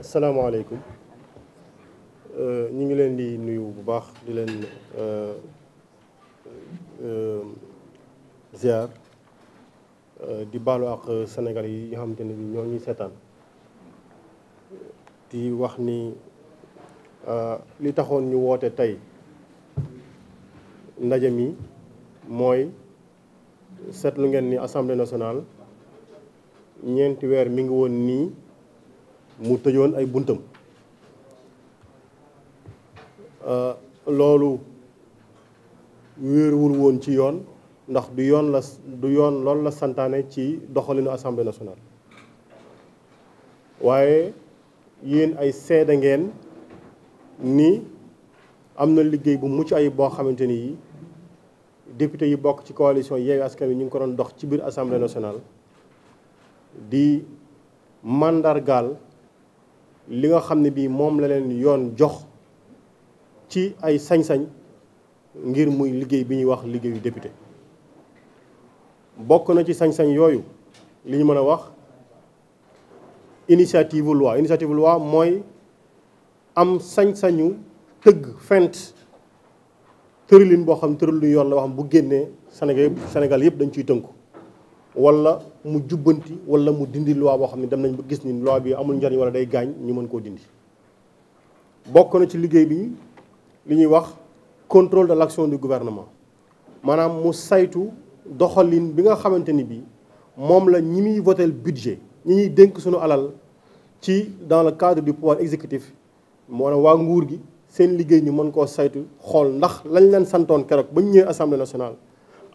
salaamaaleykum euh, ñu ngi leen di nuyu bu baax di leen euh, euh, ziar di baalu ak Sénégal yi nga xamante ne bi ñoo ngi seetaan di wax ni li taxoon ñu woote tey ndaje mi mooy seetlu ngeen ni assemblée nationale ñeenti weer mi ngi woon nii mu tëjoon ay buntam euh, loolu wéeruwul woon ci yoon ndax du yoon la yoon loolu la santaane ci doxalinu assemblée nationale waaye yéen ay seede ngeen ni am na liggéey bu mucc ay boo xamante ni. député yi bokk ci coalition Yewwi Askan Wi ñu ngi ko doon dox ci biir assemblée nationale di mandargaal li nga xam ne bii moom la leen yoon jox ci ay sañ-sañ ngir muy liggéey bi ñuy wax liggéeyu député bokk na ci sañ-sañ yooyu li ñu mën a wax initiative loi initiative loi mooy am sañ-sañu tëgg fent tëralin boo xam tëralin yoon la boo xam bu génnee Sénégal Sénégal yëpp dañ ciy tënku walla mu jubbanti wala mu dindi loi boo xam ne dem nañ ba gis ni loi bi amul njariñ wala day gaañ ñu mën koo dindi bokk na ci liggéey bi li ñuy wax contrôle de l'action du gouvernement maanaam mu saytu doxalin bi nga xamante ni bi moom la ñi muy votel budget ñi ñuy dénk suñu alal ci dans le cadre du pouvoir exécutif moo waa nguur gi seen liggéey ñu mën koo saytu xool ndax lañ leen santoon keroog ba ñu ñëwee assemblée nationale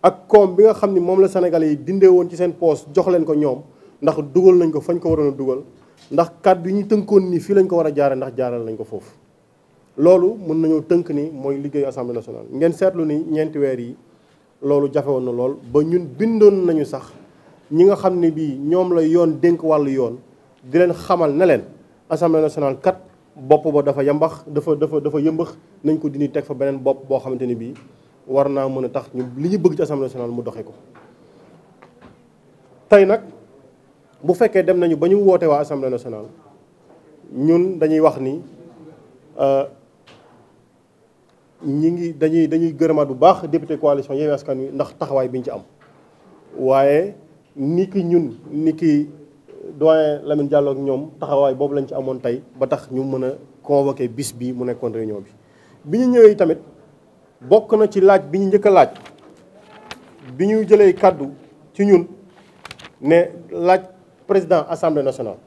ak koom bi nga xam ni moom la sénégalais yi dindee woon ci seen poos jox leen ko ñoom ndax dugal nañ ko fañ ko waroon a dugal ndax kàddu yi ñu tënkoon nii fii lañ ko war a jaare ndax jaaral nañ ko foofu loolu mën nañu tënk ni mooy liggéeyu assemblée nationale ngeen seetlu ni ñeenti weer yi loolu jafe woon na lool ba ñun bindoon nañu sax ñi nga xam ne bii ñoom la yoon dénk wàllu yoon di leen xamal ne leen assemblée nationale kat bopp ba dafa yambax dafa dafa dafa yëmbax nañ ko dindi teg fa beneen bopp boo xamante ni bii war naa mën a tax ñu li ñu bëgg ci assemblée nationale mu doxee ko. tey nag bu fekkee dem nañu ba ñu woote waa assemblée nationale ñun dañuy wax ni euh, ñi ngi dañuy dañuy gërëmaat bu baax député coalition Yewwi Askan Wi ndax taxawaay bi ñu ci am waaye ni ki ñun ni ki doyen Lamine Diallo ñoom taxawaay boobu lañ ci amoon tey ba tax ñu mën a convoqué bis bi mu nekkoon réunion bi bi ñu ñëwee tamit bokk na ci laaj bi ñu njëkk a laaj bi ñu jëlee kàddu ci ñun ne laaj président assemblée nationale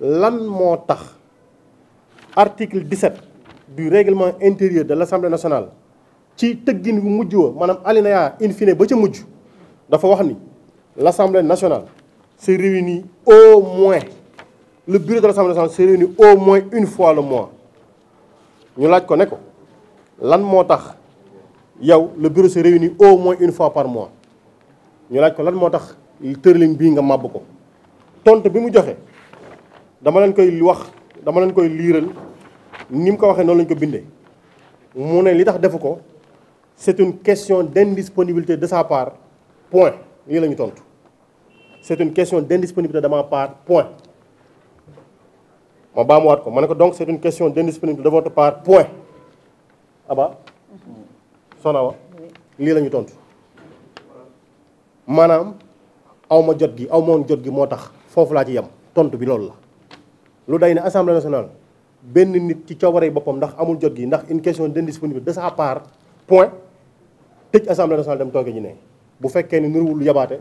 lan moo tax article 17 du règlement intérieur de l' assemblée nationale ci tëggin bu mujj wa maanaam alinéa in fine ba ca mujj dafa wax ni l' assemblée nationale se réunit au moins le bureau de l'Assemblée nationale se réunit au moins une fois le mois ñu laaj ko ne ko lan moo tax yow le bureau se réunit au moins une fois par mois ñu laaj ko lan moo tax tërëlin bii nga màbb ko tontu bi mu joxe dama leen koy wax dama leen koy liiral ni mu ko waxee noonu lañu ko bindee mu ne li tax defu ko c'est une question d'indisponibilité de sa part point lii la ñu tontu. c'est une question d'indisponibilité de ma part point ma baamuwaat ko ma ne ko donc c'est une question d'indisponibilité de votre part point aba ah soxna wa lii la ñu tontu maanaam awma jot gi aw ma woon jot gi moo tax foofu laa ci yem tontu bi loolu la lu day ne assemblée nationale benn nit ci coobare boppam ndax amul jot gi ndax une question d'indisponibilité de sa part point tëj assemblée nationale dem tooge ñu ne bu fekkee ni nuruwul yabaate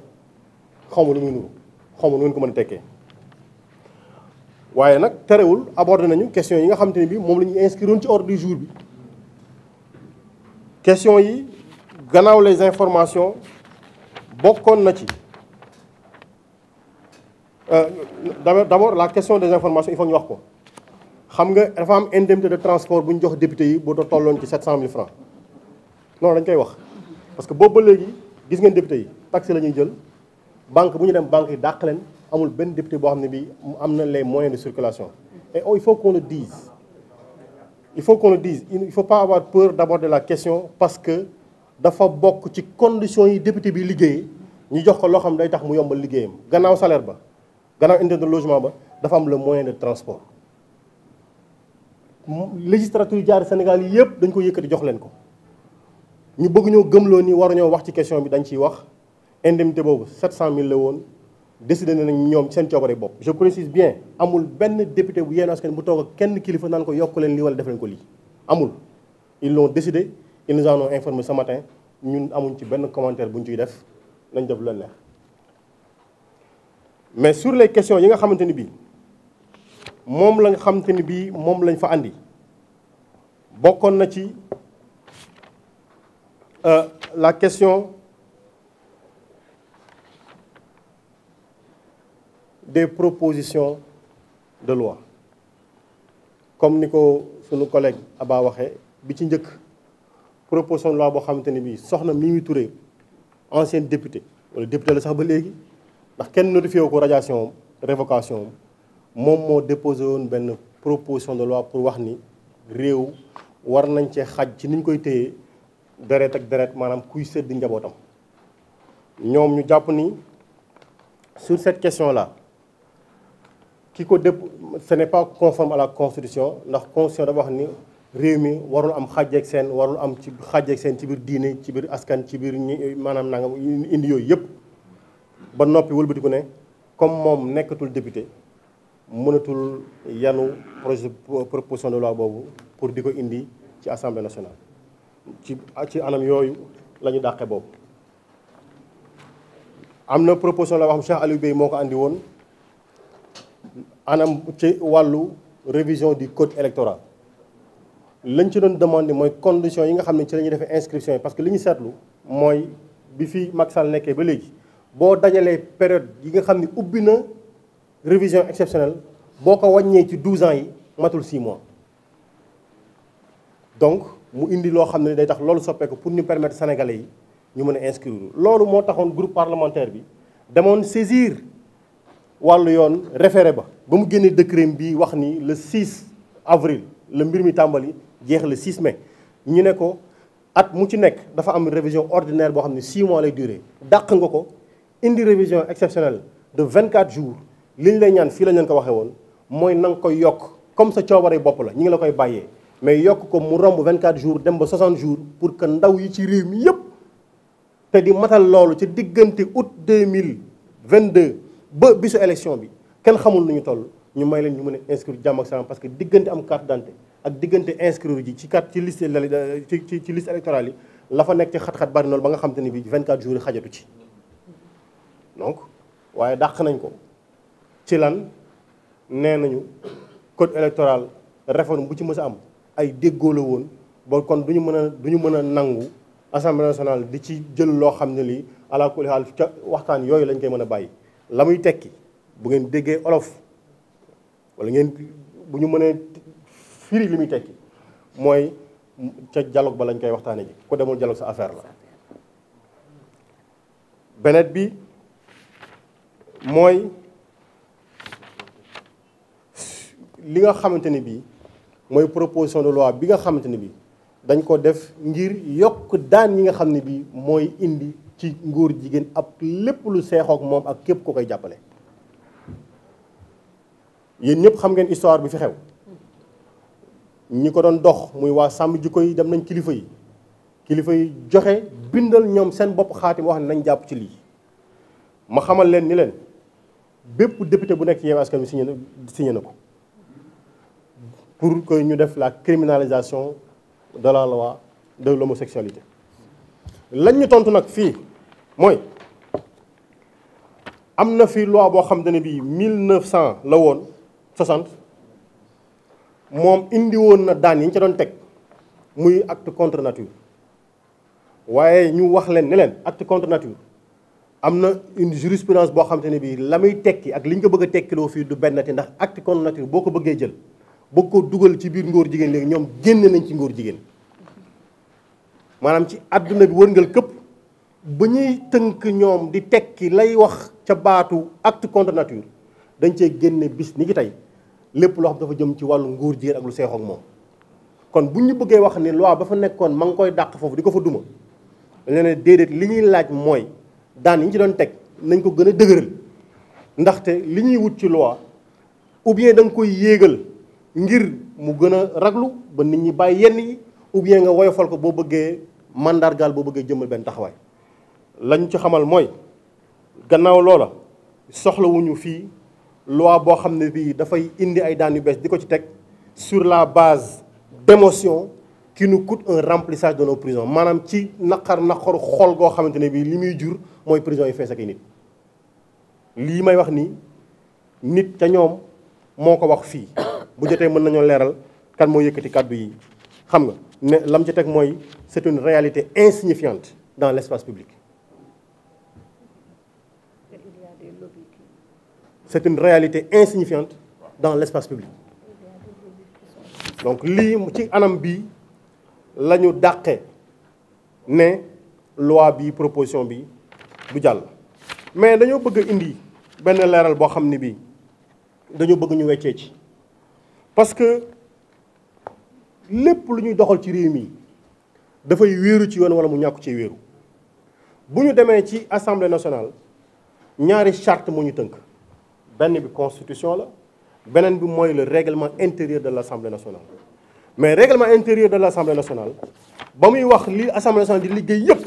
xaw ma lu muy nuru xaw ma nu ngeen ko mën a tekkee waaye nag terewul abordé nañu question yi nga xamante ni bi moom la ñu inscriroon ci ordre du jour bi question yi gannaaw les informations bokkoon na ci euh, d'abord la question des informations il faut ñu wax ko xam nga dafa am indemnité de transport bu ñu jox député yi bu doon tolloon ci cent 000 francs non lañ koy wax parce que boobu ba léegi gis ngeen député yi taxe la ñuy jël banque bu ñu dem banque yi dàq leen amul benn député boo xam ne bi am na les moyens de circulation et oh, il faut qu'on le dise il faut qu'on le dise il faut pas avoir peur d'aborder la question parce que dafa bokk ci conditions yi député bi liggéey ñu jox ko loo xam day tax mu yombal liggéeyam gannaaw salaire ba gannaaw indemnité ba dafa am la moyen de transport législature yi jaar Sénégal yi yëpp dañ ko yëkkati jox leen ko ñu bëgg ñoo gëmloo ni waruñoo wax ci question bi dañ ciy wax indemnité boobu 700000 la woon décidé nañ ñoom seen coobare bopp. je précise bien amul benn député bu Yewwi Askan bu toog ak kenn kilifa naan ko yokk leen lii wala def leen ko lii amul. il l'ont décidé ils nous en ont informé matin ñun amuñ ci benn commentaire bu ñu ciy def nañ def lu neex mais sur les questions yi nga xamante ni bii moom la nga xamante ni bii moom lañ fa andi bokkoon na ci euh, la question. de proposition de loi comme ni ko sunu collègue Aba waxee bi ci njëkk proposition de loi boo xamante ni bii soxna Mimi Touré ancienne député wala député la sax ba léegi ndax kenn notifié wu ko radiation am révocation am moom moo déposé woon benn proposition de loi pour wax ni réew war nañ cee xaj ci niñ koy téyee deret ak deret maanaam kuy sëdd njabootam ñoom ñu jàpp ni sur cette question la ki ko dëpp ce n'est pas conforme à la constitution ndax constitution dafa wax ni réew mi warul am xàjjeeg seen warul am ci xàjjeeg seen ci biir diine ci biir askan ci biir ñi maanaam nangam indi yooyu yëpp ba noppi wëlbatiku ne comme moom nekkatul député mënatul yenu projet proposition de loi boobu pour di ko indi ci assemblée national ci ci anam yooyu la ñu dàqe boobu am na proposition la wax Cheikh Aliou Bey moo ko indi woon anam ci wàllu révision du code électoral lañ ci doon demandé mooy conditions yi nga xam ne ci la ñuy defee inscription yi parce que li ñu seetlu mooy bi fi Macky Sall nekkee ba léegi boo dajalee période yi nga xam ne ubbi na révision exceptionnelle boo ko wàññee ci 12 ans yi matul 6 mois donc mu indi loo xam ne day tax loolu soppeeku pour ñu permettre sénégalais yi ñu mën a inscrire loolu moo taxoon groupe parlementaire bi demoon saisir wàllu yoon référé ba ba mu génnee décret bi wax ni le 6 avril la mbir mi tàmbali jeex le 6 mais ñu ne ko at mu ci nekk dafa am révision ordinaire boo xam ne 6 mois lay durée dàq nga ko indi révision exceptionnelle de 24 jours li ñu lay ñaan fii la ñu ko waxee woon mooy na nga koy yokk comme sa coobare bopp la ñu ngi la koy bàyyee mais yokk ko mu romb 24 jour dem ba 60 jour pour que ndaw yi ci réew mi yëpp te di matal loolu ci diggante août 2022 ba bisu élection bi kenn xamul nu ñu toll ñu may leen ñu mën a inscrire jàmm ak salaam parce que diggante am carte d'identité ak diggante inscrire ji ci carte ci liste ci ci ci liste électorale yi la fa nekk ci xat-xat bari noonu ba nga xam te ne bii 24 jours yi xajatu ci donc waaye dàq nañ ko ci lan nee nañu code électoral réforme bu ci mës a am ay déggoo la woon boo kon du ñu mën a du ñu mën a nangu assemblée nationale di ci jël loo xam ne lii alaa kulli waxtaan yooyu lañ koy mën a bàyyi. la muy tekki bu ngeen déggee olof wala ngeen bu ñu mënee firi li muy tekki mooy ca dialogue ba lañ koy waxtaane ji ku demul dialogue sa affaire la beneen bi mooy li nga xamante ni bii mooy proposition de loi bi nga xamante ni bii dañ ko def ngir yokk daan yi nga xam ne bii mooy indi ci ngóor jigéen ak lépp lu seexook moom ak képp ko koy jàppale yéen ñëpp xam ngeen histoire bi fi xew ñi ko doon dox muy waa sàmm jikko yi dem nañ kilifa yi kilifa yi joxe bindal ñoom seen bopp xaatim wax ne nañ jàpp ci lii ma xamal leen ni leen bépp député bu nekk Yewwi Askan Wi signé na ko pour que ñu def la criminalisation de la loi de l'homosexualité lañ ñu tontu nag fii mooy am na fi loi boo xam ne bii mille neuf cent la woon soixante moom indi woon na daan yi ñu ca doon teg muy acte contre nature waaye ñu wax leen ni leen acte contre nature am na une jurisprudence boo xam ne bii la muy tekki ak li ñu ko bëgg a tekkiloo fii du benn te ndax acte contre nature boo ko bëggee jël bëgg ko dugal ci biir ngóor jigéen léegi ñoom génn nañ ci ngóor jigéen. maanaam ci àdduna bi wërngal këpp ba ñuy tënk ñoom di tekki lay wax ca baatu acte contre nature dañ cee génne bis ni ki tey lépp loo xam dafa jëm ci wàllu nguur jéer ak lu seexoog moom kon bu ñu bëggee wax ni loi ba fa nekkoon ma ngi koy dàq foofu di ko fa duma dañ ne déedéet li ñuy laaj mooy daan yi ñu ci doon teg nañ ko gën a dëgëral ndaxte li ñuy wut ci loi ou bien da nga koy yéegal ngir mu gën a raglu ba nit ñi bàyyi yenn yi ou bien nga woyofal ko boo bëggee mandargaal boo bëggee jëmmal benn taxawaay lañ ci xamal mooy gannaaw loola soxlawuñu fii loi boo xam ne bii dafay indi ay daan yu bees di ko ci teg sur la base d'émotion qui nu coûte un remplissage de nos maanaam ci naqar naqaru xol goo xamante ne bii li muy jur mooy prison yi fees ak ay nit lii may wax nii nit ca ñoom moo ko wax fii bu jotee mën nañoo leeral kan moo yëkkati kàddu yi xam nga ne lam ci teg mooy c'est une réalité insignifiante dans l'espace public c'est une réalité insignifiante dans l'espace public donc lii ci anam bi la ñu dàqe ne loi bi proposition bi bu jàll mais dañoo bëgg indi benn leeral boo xam ne bi dañoo bëgg ñu weccee ci parce que lépp lu ñuy doxal ci réew mi dafay wéeru ci yoon wala mu ñàkku ci wéeru bu ñu demee ci assemblée nationale ñaari charte moo ñu tënk benn bi constitution la beneen bi mooy le règlement intérieur de l' assemblée nationale. mais règlement intérieur de l' assemblée nationale ba muy wax li assemblée nationale di liggéey yëpp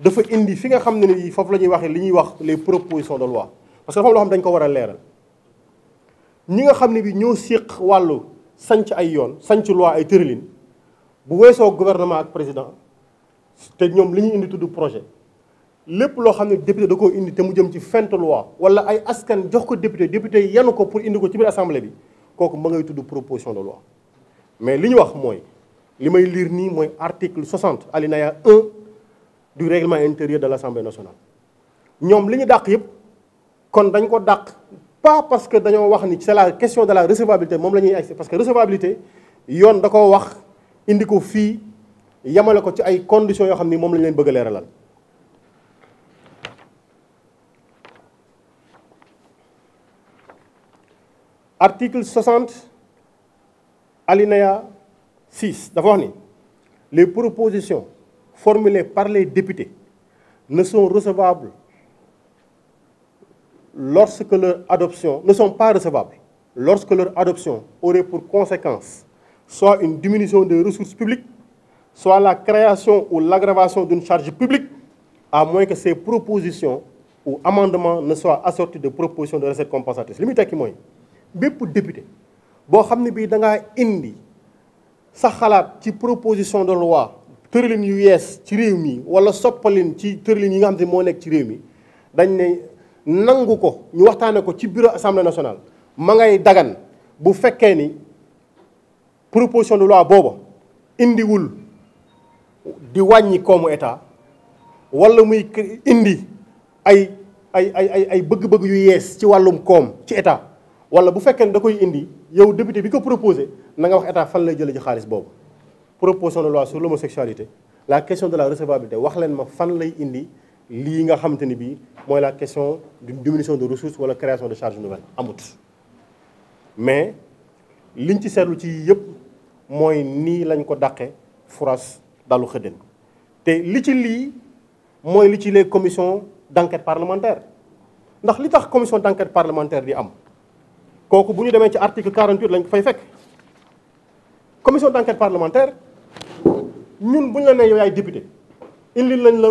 dafa indi fi nga xam ne ni foofu la ñuy waxee li ñuy wax les propositions de loi parce que dafa loo xam dañ ko war a leeral ñi nga xam ne bi ñoo séq wàllu. sañc ay yoon sanc loi ay tërëlin bu weesoo gouvernement ak président te ñoom li ñu indi tudd projet lépp loo xam ne député da koo indi te mu jëm ci fent loi wala ay askan jox ko député député yanu ko pour indi ko ci biir assemblée bi kooku ma ngay tuddu proposition de loi mais li ñu wax mooy li may liir nii mooy article 60 alinéa 1 du règlement intérieur de l' assemblée nationale ñoom li ñu dàq yëpp kon dañ ko dàq pas parce que dañoo wax ni c'est la question de la recevabilité moom la ñuy agsi parce que recevabilité yoon da koo wax indi ko fii yamale ko ci ay conditions yoo xam ni moom la ñu leen bëgg a leeralal article 60 alinéa 6 dafa wax ni les propositions formulées par les députés ne sont lorsque leur adoption ne sont pas recevables, lorsque leur adoption aurait pour conséquence soit une diminution des ressources publiques, soit la création ou l'aggravation d'une charge publique, à mooy que ces propositions ou amendements ne soient assortis de propositions de recettes compensatrices. li muy tekki mooy bépp député boo xam ne bii danga indi sa xalaat ci proposition de loi tëralin yu yees ci réew mii wala soppalin ci tëralin yi nga xam ne moo nekk ci réew mi nangu ko ñu waxtaane ko ci bureau assemblée nationale ma ngay dagan bu fekkee ni proposition de loi booba indiwul di wàññi koomu état walla muy indi ay ay ay ay bëgg-bëgg yu yees ci wàllum koom ci état walla bu fekkee ni da koy indi yow député bi ko proposé na nga wax état fan lay jële ci xaalis boobu proposition de loi sur l'homosexualité la question de la recevabilité wax leen ma fan lay indi lii nga xamante ni bii mooy la question d'une diminution de ressources wala création de charge nouvelle amut mais liñ ci seetlu ci yëpp mooy nii lañ ko dàqe foras dalu xëddeen te li ci lii mooy li ci les commissions d'enquête parlementaire ndax li tax commission d'enquête parlementaire di am kooku bu ñu demee ci article 48 lañ ko fay fekk commission d'enquête parlementaire ñun bu ñu la nee yow yaay député indil lañ la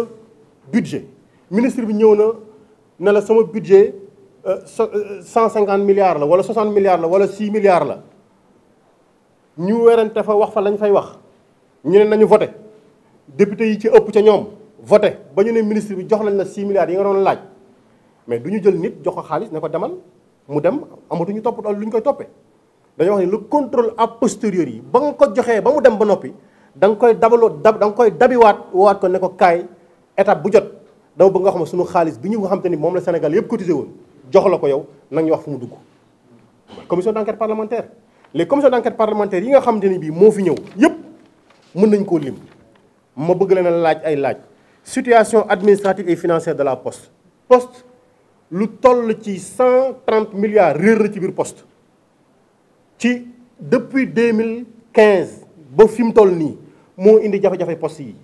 budget ministre bi ñëw na ne la sama budget euh, euh, cent cinquante milliards la wala soixante milliards la wala six milliards la ñu werante fa wax fa lañ fay wax ñu ne nañu voté député yi ci ëpp ca ñoom voté ba ñu ne ministre bi jox nañ na six milliards yi nga doon laaj mais du ñu jël nit jox ko xaalis ne ko demal mu dem amatuñu topp lu ñu koy toppee dañoo wax ne le contrôle a posteriori yi ba nga ko joxee ba mu dem ba noppi danga koy dabaloo dab da nga koy dabiwaat waat ko ne ko kaay étape bu jot daw ba nga xam ne sunu xaalis bi ñu nga xam te ni moom la Sénégal yëpp cotisé woon jox la ko yow nag ñu wax fu mu dugg. commission d' enquête parlementaire les commissions d' enquête parlementaire yi nga xam te ni moo fi ñëw yëpp mën nañ koo lim ma bëgg leen laaj ay laaj situation administrative et financière de la poste poste lu toll ci cent trente milliards réer na ci biir post ci depuis deux mille quinze ba fi mu toll nii moo indi jafe-jafe yi.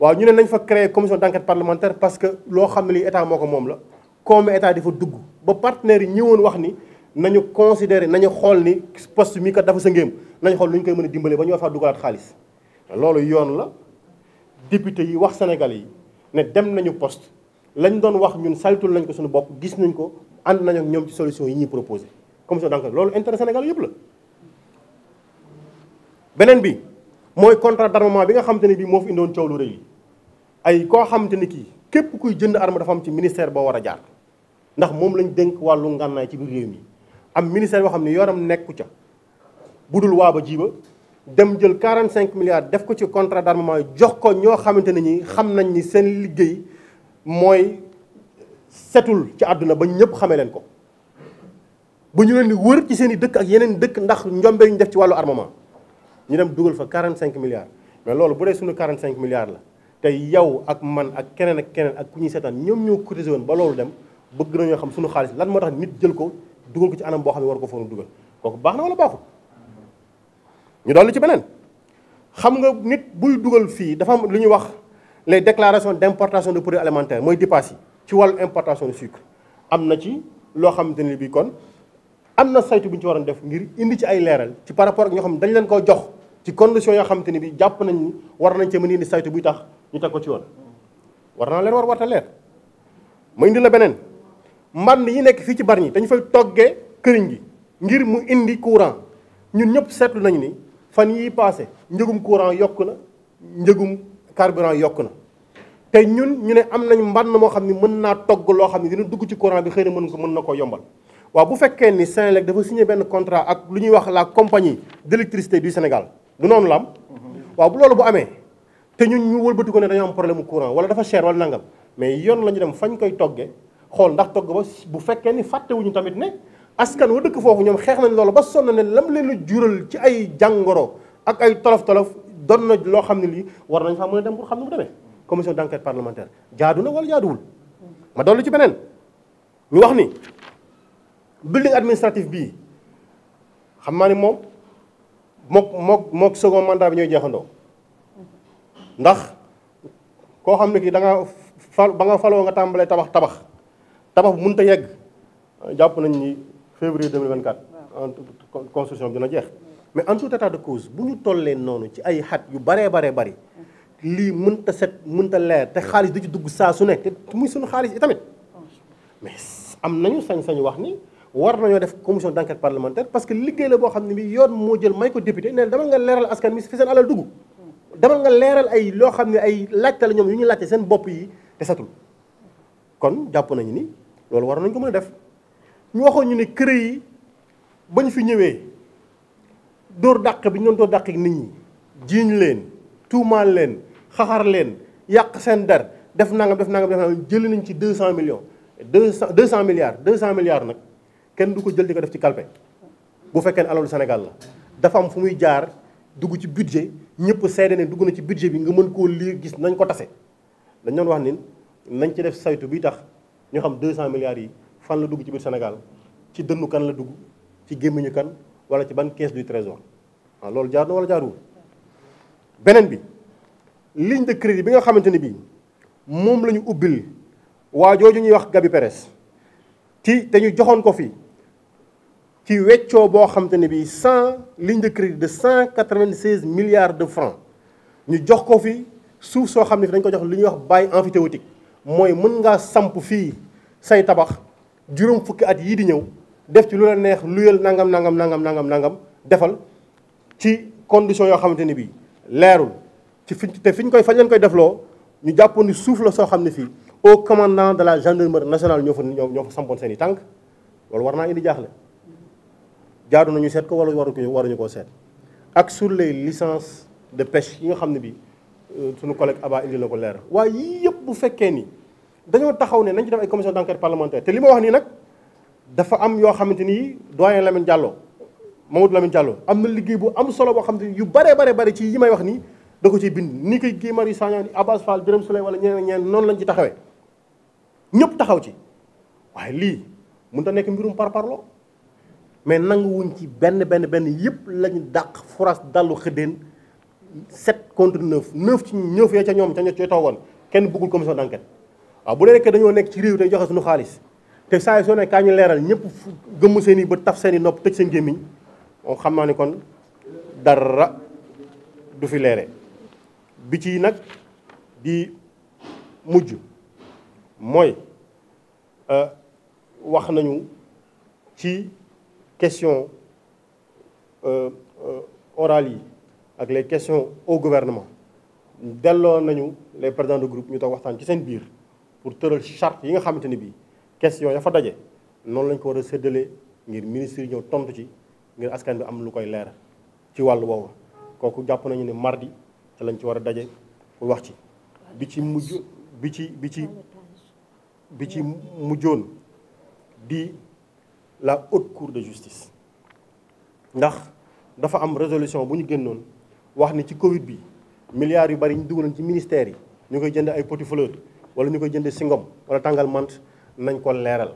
waaw ñu ne nañ fa créer commission d'enquête parlementaire parce que loo xam ne lii état moo ko moom la comme état fa dugg ba partenaires yi ñëwoon wax ni nañu considérer nañu xool ni post mi kat dafa sa ngéem nañu xool lu ñu koy mën a dimbalee ba ñu war faa dugalaat xaalis loolu yoon la député yi wax Sénégalais yi ne dem nañu post lañ doon wax ñun saytul nañ ko suñu bopp gis nañ ko ànd nañ ak ñoom ci solution yi ñuy proposé commission d'enquête loolu intérêt Sénégal yëpp bi mooy contrat d'armement bi nga xamante ne bii moo fi indoon coow lu rëy ay koo xamante ni kii képp kuy jënd arme dafa am ci ministère boo war a jaar ndax moom lañ denk wàllu ngànnaay ci biir réew mi am ministère boo xam ne yoram nekku ca bu budul waaba jiiba dem jël 45 milliards def ko ci contrat d'armement jox ko ñoo xamante ne ñi xam nañ ni seen liggéey mooy setul ci àdduna ba ñëpp xamee leen ko bu ñu leen di wër ci seen i dëkk ak yeneen dëkk ndax njombe ñu def ci wàllu armement ñu dem dugal fa 45 milliards mais loolu bu dee suñu 45 milliards la te yow ak man ak keneen ak keneen ak ku ñuy seetaan ñoom ñoo cotisé woon ba loolu dem bëgg nañoo xam suñu xaalis lan moo tax nit jël ko dugal ko ci anam boo xam ne war ko foonu dugal kooku baax na wala baaxul ñu dolli ci beneen xam nga nit buy dugal fii dafa am lu ñuy wax les déclarations d'importation de produits alimentaire mooy dépasse yi ci wàllu importation de sucre am na ci loo xamante ni bii kon am na saytu bu ñu ci waroon def ngir indi ci ay leeral ci par rapport ak ñoo xam ne dañ leen koo jox ci condition yoo xamante ni bi jàpp nañ ni war nañ cee mën a indi saytu buy tax ñu teg ko ci woon war naa leer war warta leer ma indi la beneen mbànd yi nekk fii ci Bargny dañu fay toggee këriñ gi ngir mu indi courant ñun ñëpp seetlu nañ ni fan yii passé njëgum courant yokk na njëgum carburant yokk na te ñun ñu ne am nañ mbànd moo xam ne mën naa togg loo xam ne dina dugg ci courant bi xëy na mën ko mën na koo yombal waaw bu fekkee ni Senelec dafa signé benn contrat ak lu ñuy wax la compagnie d'électricité du du noonu la am waaw bu loolu bu amee te ñun ñu wëlbati ko ne dañoo am problème mu courant wala dafa cher wala nangam mais yoon la dem fañ koy togge xool ndax togg ba bu fekkee ni fàttewuñu tamit ne askan wa dëkk foofu ñoom xeex nañ loolu ba sonn ne lam leen a jural ci ay jàngoro ak ay tolof-tolof doon na loo xam ne lii war nañ faa mën a dem pour xam ne mu demee commission d'enquête parlementaire jaadu na wala jaaduwul ma dolli ci beneen ñu wax ni building administratif bii xam naa ni moom mook mook mook second mandat bi ñooy jeexandoo ndax koo xam ne kii da fal ba nga faloo nga tàmbalee tabax tabax tabax bu mënut a yegg jàpp nañ ni février 2024 construction bi dina jeex mais en tout état de cause bu ñu tollee noonu ci ay xat yu baree baree bari lii mënta set mënta leer te xaalis di ci dugg saa su nekk te muy suñu xaalis itamit mais am nañu sañ-sañu wax ni war nañoo def commission d' enquête parlementaire parce que liggéey la boo xam ne bi yoon moo jël may ko député ne demal nga leeral askan mi fi seen alal dugg demal nga leeral ay loo xam ne ay laajte la ñoom yu ñu laajte seen bopp yi te satul kon jàpp nañu ni loolu war nañ ko mën def ñu waxoon ñu ne kër yi ba ñu fi ñëwee dóor dàq bi ñu doon dóor dàq nit ñi jiiñ leen tuumaal leen xaxar leen yàq seen der def nangam def nangam def nangam jëli nañ ci deux cent millions deux cent deux cent milliards deux cent milliards nag kenn du ko jël di ko def ci kalpe bu fekkee ne alalu Sénégal la dafa am fu muy jaar dugg ci budget ñëpp seede ne dugg na ci budget bi nga mën koo lii gis nañ ko tase dañ doon wax ni nañ ci def saytu bi tax ñu xam 200 milliards yi fan la dugg ci biir Sénégal ci dënnu kan la dugg ci gémmiñu kan wala ci ban caisse du trésor waaw loolu jaar na wala jaaruwul beneen bi ligne de crédit bi nga xamante ne bii moom lañu ñu ubbil waa jooju ñuy wax Gabi Perez ci joxoon ko fii ci weccoo boo xam te ne bii cent ligne de crédit de cent quatre-vingt-seize milliards de francs ñu jox ko fi suuf soo xam ne fi dañ ko jox li ñuy wax bail emphytéotique mooy mën ngaa samp fii say tabax juróom fukki at yii di ñëw def ci lu la neex luyal nangam nangam nangam nangam nangam defal ci condition yoo xamante ni bii leerul ci fi te fi ñu koy fañ leen koy defloo ñu jàppoon ni suuf la soo xam ne fii au commandant de la gendarmerie nationale ñoo ñoo fa sampoon seen i tànk loolu war naa indi jaaxle. jaaru nañu seet ko wala waru waruñu koo seet ak sur les licences de pêche yi nga xam ne bi euh, suñu collègue Aba indi la ko leer waaye yii yëpp bu fekkee ni dañoo taxaw ne nañ ci def ay commission d'enquête parlementaire te li ma wax nii nag dafa am yoo xamante ni doyen Lamine Diallo Mamadou Lamine Diallo am na liggéey bu am solo boo xam ne yu bare bare bare ci yi may wax nii da ko ciy bind ni koy Guy Marius Sagna ni Abass Fall Birame Souleye wala ñeneen ñeneen noonu lañ ci taxawee ñëpp taxaw ci waaye lii mënut a nekk mbirum parparloo mais nanguwuñ ci benn benn benn yëpp lañu dàq forage dallu xëddeen sept contre neuf neuf ci neuf ya ca ñoom ca ñoo ca toogoon kenn bëggul commission d'enquête waaw bu dee rek dañoo nekk ci réew day joxe suñu xaalis te saa soo nekk kaa ñu leeral ñëpp gëmm seen i ba taf seen i nopp tëj seen gémmiñ on xam naa ni kon dara du fi leere bi ci nag di mujj mooy euh, wax nañu ci question euh, euh, orales yi ak les questions au gouvernement delloo nañu les présidents de groupe ñu toog waxtaan ci seen biir pour tëral charte yi nga xamante ni bii question ya fa daje noonu lañ ko war a séddalee ngir ministre yi ñëw tontu ci ngir askan bi am lu koy leer ci wàllu woowu kooku jàpp nañu ne mardi te lañ ci war a daje pour wax ci bi ci mujj bi ci bi ci bi ci mujjoon di la haute cour de justice ndax dafa am résolution bu ñu génnoon wax ni ci Covid bi milliards yu bari ñu dugaloon ci ministères yi ñu koy jënd ay poti fleur wala ñu koy jënd singom wala tàngal mant nañ ko leeral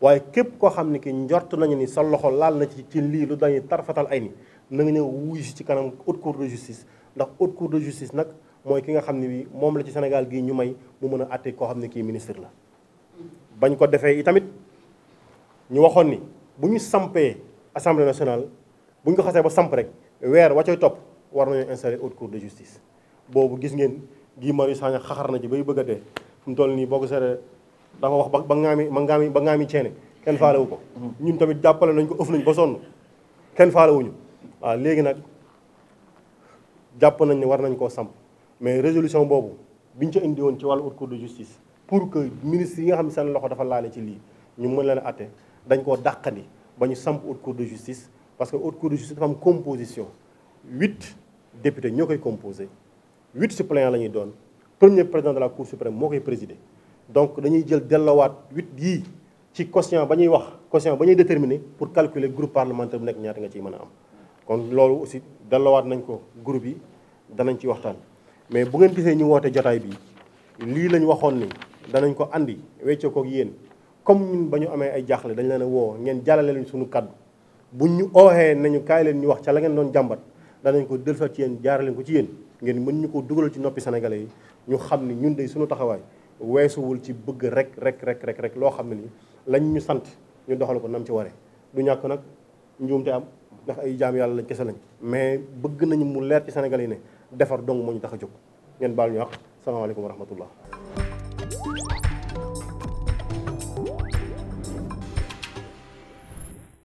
waaye képp koo xam ne ki njort nañu ni sa loxo laal na ci ci lii lu dañuy tarfatal ay ni na nga ñëw wuy ci kanam haute cour de justice ndax haute cour de justice nag mooy ki nga xam ne bi moom la ci Sénégal gi ñu may mu mën a àtte koo xam ne kii ministre la ñu waxoon ni bu ñu sampee assemblée nationale bu ñu ko xasee ba samp rek weer wàccee topp war nañu installer haute cour de justice boobu gis ngeen gii Marius Sagna xaxar na ci bay bëgg de fu mu toll nii boo ko seetee dafa wax ba ba ngaami ba ngaami ba ngaami ceene kenn faalewu ko ñun tamit jàppale nañ ko ëf nañ ba sonn kenn faalewuñu waaw léegi nag jàpp nañ ne war nañ koo samp mais résolution boobu biñ ca indi woon ci wàllu haute cour de justice pour que ministre yi nga xam ne seen loxo dafa laale ci lii ñu mën leen atte dañ koo dàqani ba ñu samp haute cour de justice parce que haute cour de justice dafa am composition huit députés ñoo koy composé huit suppléants la ñuy doon premier président de la cour suprême moo koy présider donc dañuy jël dellowaat huit yii ci quotient ba ñuy wax quotient ba ñuy déterminer pour calculer groupe parlementaire bu nekk ñaata nga ciy mën a am kon loolu aussi dellowaat nañ ko groupe yi danañ ci waxtaan mais bu ngeen gisee ñu woote jotaay bi lii lañ waxoon ni danañ ko andi weccoo koog yéen comme ñun ba ñu amee ay jaaxle dañ leen a woo ngeen jàllale leen suñu kàddu bu ñu ooxee nañu kaay leen ñu wax ca la ngeen doon jàmbat danañ ko dëlfat ci yéen jaarale ko ci yéen ngeen mën ñu ko dugalal ci noppi sénégalais ñu xam ni ñun day suñu taxawaay weesuwul ci bëgg rek rek rek rek rek loo xam ne ni lañ ñu sant ñu doxal ko nam ci waree du ñàkk nag njuumte am ndax ay jaam yàlla lañ kese nañ mais bëgg nañu mu leer ci sénégalais yi ne defar dong moo ñu tax a jóg ngeen baal ñu wax salaamaaleykum wa rahmatullah